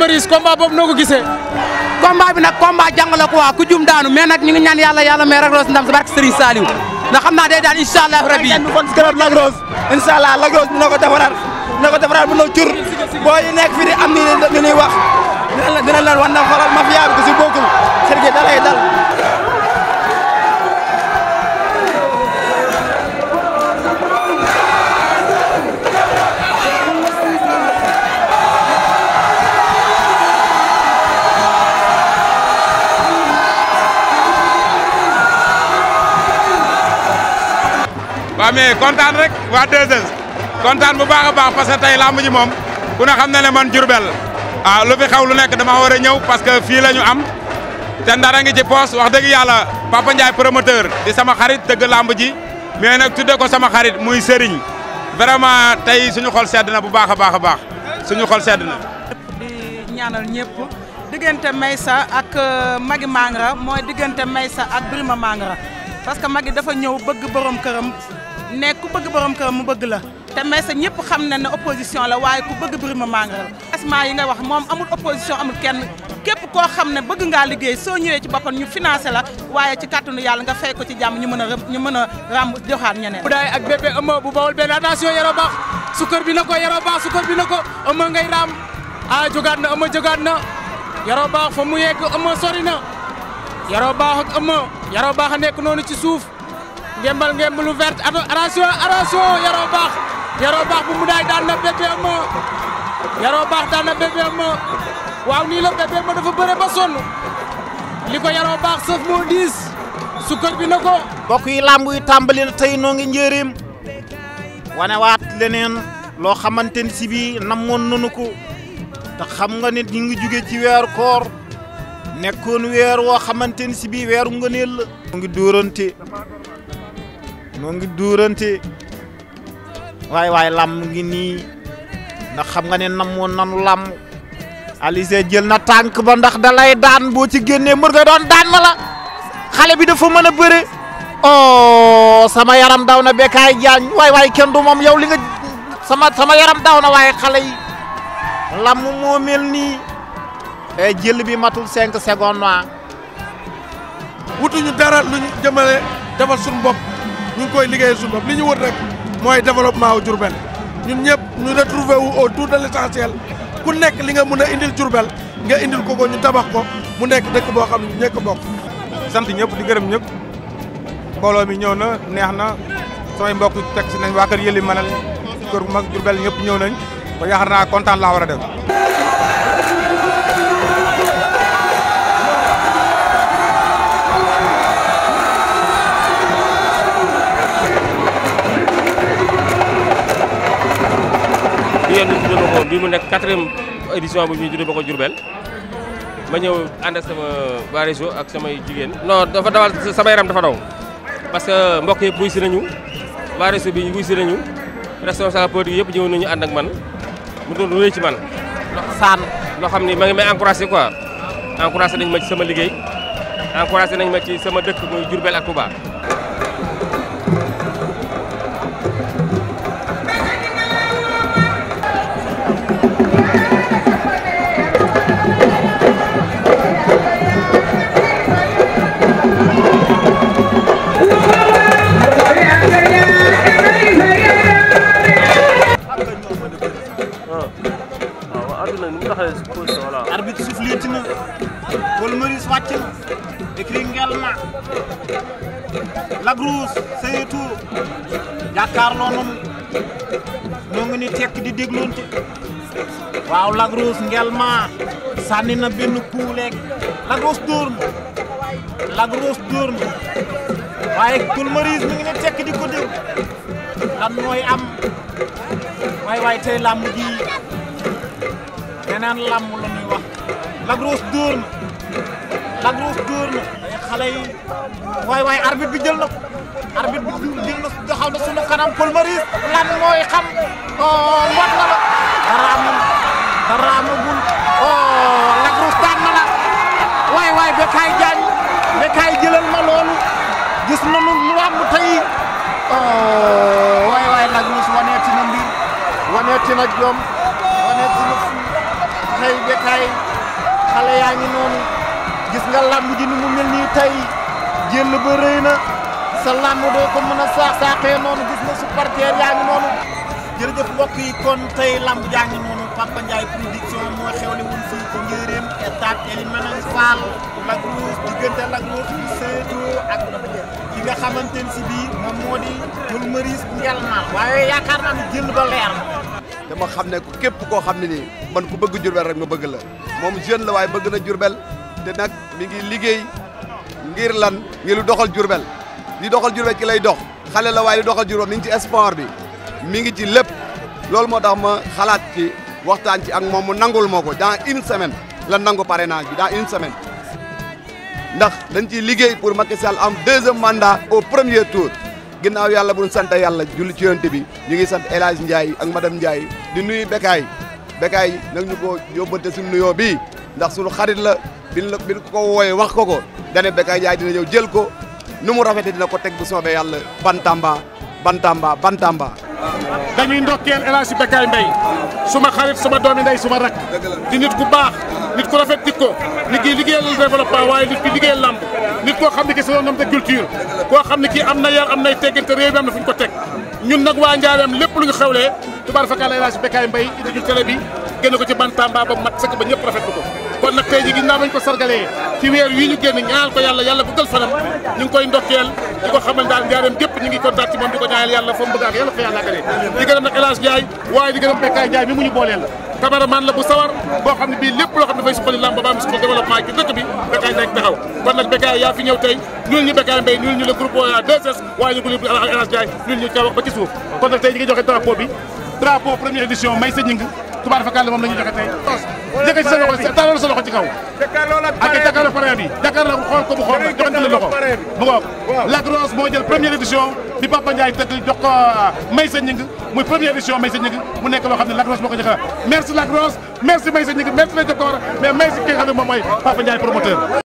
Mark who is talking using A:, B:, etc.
A: Maris combat boobu noo ko gisee combat bi nag combat jàng la ko waa ku jum daanu mais nag ñu ngi ñaan yàlla yàlla may Lac Rose ndam si barke Serigne Saliou ndax xam naa day daan incha allah rabi yi kon si kanam Lac Rose incha allah Lac Rose dina ko defaraat dina ko defaraat cur boo yi nekk fi di am ni ni ñuy wax dina leen wan na xoolal mafia bi ku si bokkul Serge da lay
B: waaw mais kontaan rek waa 2S kontaan bu baax a baax parce que tey làmb ji moom ku ne xam na ne man Jurbel ah lu fi xew lu nekk dama war a ñëw parce que fii la ñu am te ndara ngi ci poos wax dëgg yàlla Papa Ndiaye promoteur di sama xarit dëgg làmb ji mais nag tudde ko sama xarit muy sëriñ vraiment tey suñu xol sedd na bu baax a baax a baax suñu xol sedd na.
A: di ñaanal ñëpp diggante sa ak euh, Magi Mangara mooy diggante Maysa ak Birima Mangara parce Magi dafa ñëw bëgg borom këram. ne ku bëgg borom këram mu bëgg la te Meissa ñëpp xam na ne opposition la waaye ku bëgg Birima Mangara la yi nga wax moom amul opposition amul kenn képp koo xam ne bëgg ngaa liggéey soo ñëwee ci boppam ñu financé la waaye ci kàttanu yàlla nga fay ko ci jàmm ñu mën a ñu mën a ràmb joxaat ñeneen bu daay ak bébé ëmma bu bawol benn attention yaroo baax sukkër bi na ko yaroo baax sukkër bi na ko ëmma ngay raam a jogaat na ëmma jogaat na yaroo baax fa mu yegg ëmma sori na yaroo baax ak ëmma yaroo baax nekk noonu ci suuf ngembal ngemb lu vert attention attention Yoro Bakh Yoro Bakh bu mu daan na Bébé Ama Yoro Bakh daan na Bébé Ama waaw nii la Bébé Ama dafa bëre ba sonn li ko Yoro Bakh sëf moo diis sukkër bi na ko mbokk yi làmb yi tàmbali na tey noo ngi njëriñ wanewaat leneen loo xamante ni si bii namoon nanu ko xam nga nit ñi ngi jóge ci weeru koor nekkoon weer woo xamante ni si bii weeru ngëneel la mu ngi dóorante ñoo ngi dóorante waay waay làmm ngi nii ndax xam nga ne namoon nanu làmm Alizé jël na tànk ba ndax da daan boo ci génnee mbër ga doon daan na xale bi dafa man a bëre oh sama yaram daw na Bécaye Diagne waay waay kenn du moom yow li nga sama sama yaram daw na waaye xale yi làmm moo mel nii e bi matul cinq secondes wa
B: wutuñu dara luñu jëmale defal
A: suñu bopp ñu koy liggéeyal suñu
B: li ñu wër rek mooy développement wu Diourbel ñun ñëpp ñu retrouver wu autour de l'essentiel ku nekk li nga mën a indil Diourbel nga indil ko ko ñu tabax ko mu nekk dëkk boo xam ne ñëkk bokk sant ñëpp di gërëm ñëpp mbooloo mi ñëw na neex na samay mbokk teg si nañ waa kër yëli manal kër bu mag Diourbel ñëpp ñëw nañ ko yaakaar naa kontaan laa war a def bi mu nekk quatrième édition bu ñu juddoo ba ko Jurbel ma ñëw ànd sama waa réseau ak samay jigéen. non dafa dawal sama yaram dafa daw parce que mbokk yëpp wuy si nañu waa réseau bi wuy si nañu responsable politique yëpp ñëw nañu ànd ak man mu doon lu rëy ci man. saan loo xam ni ma ngi may encouragé quoi encouragé nañ ma ci sama liggéey encouragé nañ ma ci sama dëkk muy Jurbel ak Touba.
A: Abdourouss Seytu jàkkaarloo nañu ñoo di dégloonte waaw Lac Rose Ngelma sànni na benn coup léegi Lac Rose dóor na waaye Golmarise mi ngi di ko dégg lan mooy am waay waay tey neneen làmb la ñuy wax Lac Rose dóor na Lac Rose dóor na bi jël ko arbitre bi jël na taxaw na sunu kanam Paul Maurice lan mooy xam oh, mbot na la dara amul dara amagul oh, Lac Rose daan la waay waay Bécaye Diagne Bécaye jëlal ma loolu gis nañu lu am tey oh, waay waay Lac waneeti na mbir waneeti na jom waneeti na tey Bécaye xale yaa ngi noonu gis nga làmb ji ni mu mel nii tey jël ba rëy na. sa làmm doo ko mën a saax saaxee noonu gis na supporter yaa ngi noonu jërëjëf mbokk yi kon tey làmb jaa ngi noonu Papa Ndiaye production moo xewle woon fii ci njëréem état Elimane Fall Lac Rose diggante Lac Rose bu ak ki nga xamante ne si bii moom moo di mul maris ngel naa waaye yaakaar naa ne jël ba leer
B: dama xam ne képp koo xam ne nii man ku bëgg jurbel rek ma bëgg la moom jeune la waaye bëgg na jurbel te nag mi ngi liggéey ngir lan jurbel li doxal Jurbel ki lay dox xale la waaye li doxal Jurbel mi ngi ci sport bi mi ngi ci lépp loolu moo tax ma xalaat ci waxtaan ci ak moom mu nangul moo ko dans une semaine la nangu naa bi dans une semaine ndax dañ ciy liggéey pour Macky Sall am deuxième mandat au premier tur ginnaaw yàlla bu ñu sant yàlla julli ci yonte bi ñu ngi sant El Hadj Ndiaye ak madame Ndiaye di nuyu Bekaay Bekaay nag ñu ko yóbbante suñu nuyoo bii ndax suñu xarit la bi la ko ko wooyee wax ko ko dane Bekaay dina ñëw jël ko nu mu rafetee dina ko teg bu soobee yàlla bantamba bantamba bantamba dañuy ndokkeel El Hadj Bécaye Mbaye suma xarit suma doomi ndey suma rak di nit ku baax nit ku rafet dik ko nit ki liggéeyal développement waaye nit ki liggéeyal làmb nit koo xam ne ki sa nom de culture koo xam ne kii am na yar am nay teggin te réew mi am na fu ñu ko teg ñun nag waa Njaareem lépp lu ñu xewlee tubaar fakkaal El Hadj Bécaye Mbaye indi ñu bi génn ko ci bantamba ba mat sëkk ba ñëpp rafetlu ko kon nag tey ji ginnaaw bañ ko sargalee ci weer wii ñu génn ñaanal ko yàlla yàlla guddal fanam ñu ngi koy ndokkeel di ko xamal daal njaareem gépp ñu ngi kontaan ci moom di ko ñaanal yàlla fa mu bëgg yàlla fa yàlla galee di gërëm nag El Hadj waaye di Bekkaay Ndiaye mi mu ñu booleel cameraman la bu sawar boo xam ne bii lépp loo xam ne dafay suqali lamb ba ba am suqal bi Bekkaay nekk tubaab dafa kàll moom la joxe tey jëkkër sa loxo tàllal sa loxo ci kaw ak jàkkaarloo pare bi jàkkaarloo xool ko bu xool joxante la loxo mu ngoog Lac moo jël première édition di Papa Ndiaye tëgg jox ko euh, Maysa Ñing muy première édition Maysa Ñing mu nekk loo xam ne Lac moo ko joxe merci Lac Rose merci Maysa Ñing merci la Jokor mais merci ki nga xam ne moom mooy Papa Ndiaye promoteur